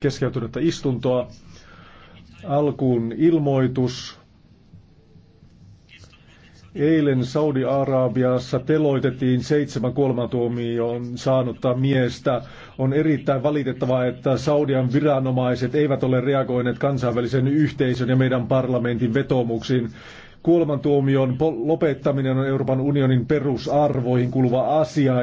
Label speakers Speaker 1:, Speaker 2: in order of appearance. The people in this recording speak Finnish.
Speaker 1: keskeytynyttä istuntoa. Alkuun ilmoitus. Eilen Saudi-Arabiassa teloitettiin seitsemän kuolemantuomioon saanutta miestä. On erittäin valitettavaa, että Saudian viranomaiset eivät ole reagoineet kansainvälisen yhteisön ja meidän parlamentin vetomuksiin. Kuolemantuomion lopettaminen on Euroopan unionin perusarvoihin kuuluva
Speaker 2: asia.